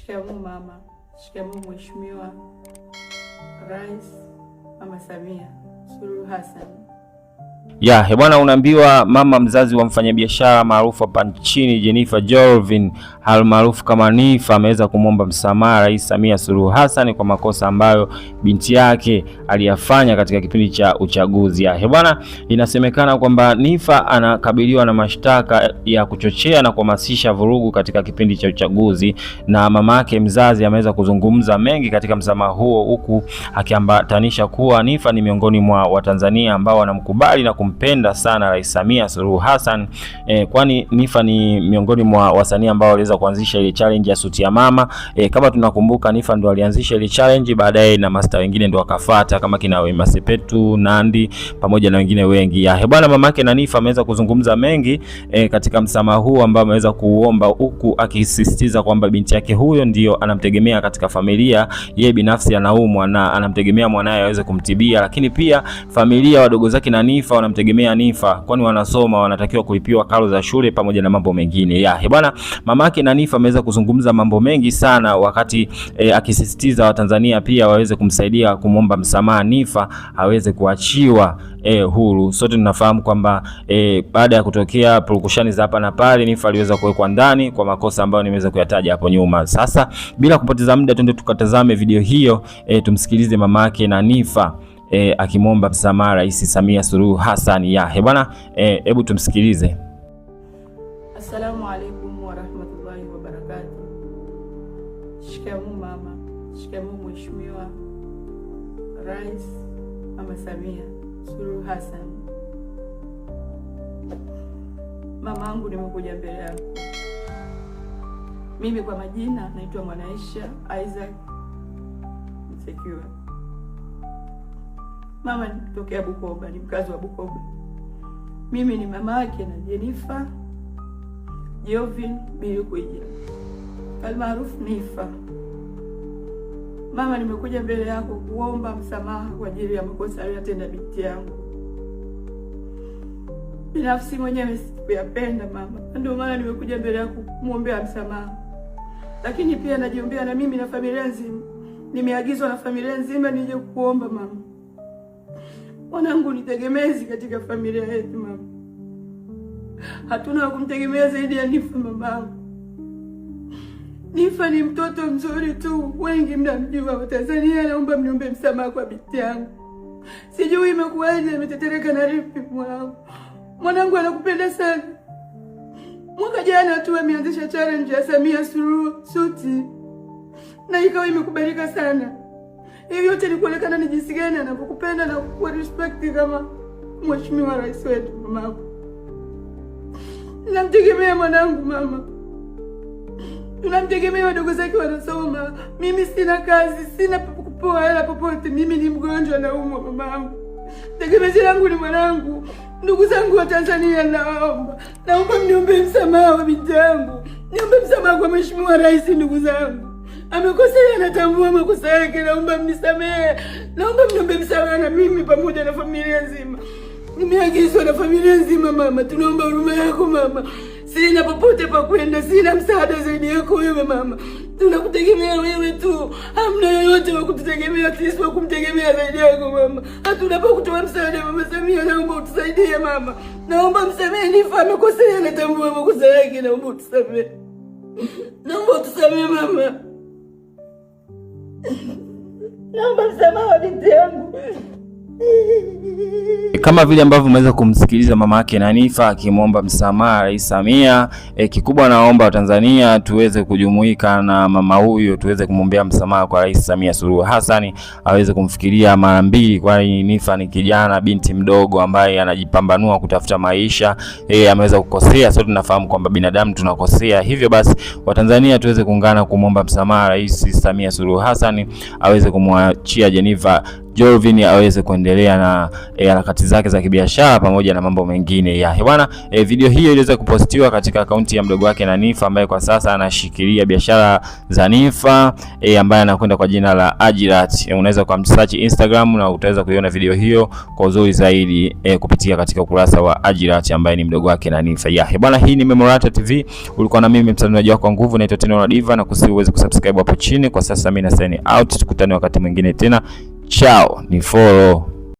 Shikamu mama. shikamu Mheshimiwa Rais Mama Samia Suluhu Hassan. Ya hebwana, unaambiwa mama mzazi wa mfanyabiashara maarufu hapa nchini Jennifer Jolvin almaarufu kama Nifa ameweza kumwomba msamaha Rais Samia Suluhu Hassan kwa makosa ambayo binti yake aliyafanya katika kipindi cha uchaguzi. bwana, inasemekana kwamba Nifa anakabiliwa na mashtaka ya kuchochea na kuhamasisha vurugu katika kipindi cha uchaguzi, na mama yake mzazi ameweza kuzungumza mengi katika msamaha huo, huku akiambatanisha kuwa Nifa ni miongoni mwa Watanzania ambao wanamkubali na kumpenda sana Rais Samia Suluhu Hassan eh, kwani Nifa ni miongoni mwa wasanii ambao aliweza kuanzisha ile challenge ya suti ya mama e, kama tunakumbuka Nifa ndo alianzisha ile challenge, baadaye na master wengine ndo wakafuata kama kina Wema Sepetu, Nandi pamoja na wengine wengi. Ya bwana mama yake na Nifa ameweza kuzungumza mengi e, katika msamaha huu ambao ameweza kuomba, huku akisisitiza kwamba binti yake huyo ndio anamtegemea katika familia, yeye binafsi anaumwa na anamtegemea mwanae aweze kumtibia, lakini pia familia wadogo zake na Nifa wanamtegemea Nifa, kwani wanasoma wanatakiwa kulipiwa karo za shule pamoja na mambo mengine. Ya bwana mamake na Nifa ameweza kuzungumza mambo mengi sana wakati e, akisisitiza Watanzania pia waweze kumsaidia kumwomba msamaha Nifa aweze kuachiwa e, huru. Sote tunafahamu kwamba e, baada ya kutokea purukushani za hapa na pale Nifa aliweza kuwekwa ndani kwa makosa ambayo nimeweza kuyataja hapo nyuma. Sasa bila kupoteza muda, twende tukatazame video hiyo e, tumsikilize mama yake na Nifa e, akimwomba msamaha Rais Samia Suluhu Hassan. Ya hebana, hebu tumsikilize. Asalamu alaykum. shikamu mama. shikamu Mheshimiwa Rais Mama Samia Suluhu Hassan. angu nimekuja mbele yako. Mimi kwa majina naitwa Mwanaisha Isaac Msekiwa. Mama nitokea Bukoba, ni mkazi wa Bukoba. Mimi ni mama yake na Jenifa Jovin bilikuija almaarufu Nifa. Mama, nimekuja mbele yako kuomba msamaha kwa ajili ya makosa aliyotenda binti yangu. Binafsi mwenyewe sikuyapenda mama, ndio maana nimekuja mbele yako kumwombea msamaha, lakini pia najiombea na mimi na familia nzima. Nimeagizwa na familia nzima nije kuomba mama. Mwanangu ni tegemezi katika familia yetu mama, hatuna wa kumtegemea zaidi ya Nifa mamangu. Nifa ni mtoto mzuri tu, wengi mnamjua. Tanzania. naomba mniombe msamaha kwa binti yangu, sijui imekuwaje, imetetereka na rifi. Mwanangu, mwanangu anakupenda sana. Mwaka jana tu ameanzisha challenge ya Samia Suluhu suti na ikawa imekubalika sana. Hiyo yote ni kuonekana ni jinsi gani anapokupenda na kukupa respect kama mheshimiwa rais wetu. Mama namtegemea mwanangu, mama tunamtegemea wadogo zake wanasoma. Mimi sina kazi, sina kupoa hela popote. Mimi ni mgonjwa, naumwa mamangu, tegemezi langu ni mwanangu. Ndugu zangu wa Tanzania, naomba naomba mniombe msamaha wa binti yangu, niombe msamaha kwa Mheshimiwa Rais. Ndugu zangu, amekosea, anatambua makosa yake, naomba mnisamehe, naomba mniombe msamaha na mimi pamoja na familia nzima. Nimeagizwa na familia nzima, mama, tunaomba huruma yako mama. Sina popote pa kwenda, sina msaada zaidi yako wewe mama. Tunakutegemea wewe tu, hamna yoyote wa kututegemea sisi, wa kumtegemea zaidi yako mama. Hatuna pa kutoa msaada. Mama Samia, naomba utusaidie mama, naomba msamehe. Nifa amekosea, natambua makosa yake, naomba utusamehe, naomba utusamehe mama, naomba msamaha wa binti yangu. Eh, kama vile ambavyo umeweza kumsikiliza mama yake Nanifa akimwomba msamaha Rais Samia. E, kikubwa naomba Watanzania tuweze kujumuika na mama huyo, tuweze kumwombea msamaha kwa Rais Samia Suluhu Hassan, aweze kumfikiria mara mbili, kwani Nifa ni kijana binti mdogo ambaye anajipambanua kutafuta maisha. E, ameweza kukosea, sote tunafahamu kwamba binadamu tunakosea. Hivyo basi Watanzania tuweze kuungana kumwomba msamaha Rais Samia Suluhu Hassan aweze kumwachia Jeniva Jovin aweze kuendelea na eh, harakati e, zake za kibiashara pamoja na mambo mengine ya hebwana. E, eh, video hiyo iliweza kupostiwa katika akaunti ya mdogo wake na Nifa ambaye kwa sasa anashikilia biashara za Nifa e, eh, ambaye anakwenda kwa jina la Ajirat. E, unaweza kwa kumsearch Instagram na utaweza kuiona video hiyo kwa uzuri zaidi e, kupitia katika ukurasa wa Ajirat ambaye ni mdogo wake na Nifa ya hebwana. Hii ni Memorata TV, ulikuwa na mimi mtazamaji wako wa nguvu, naitwa Tenora Diva na kusiweze kusubscribe hapo chini. Kwa sasa mimi na sign out, tukutane wakati mwingine tena. 笑，你错喽。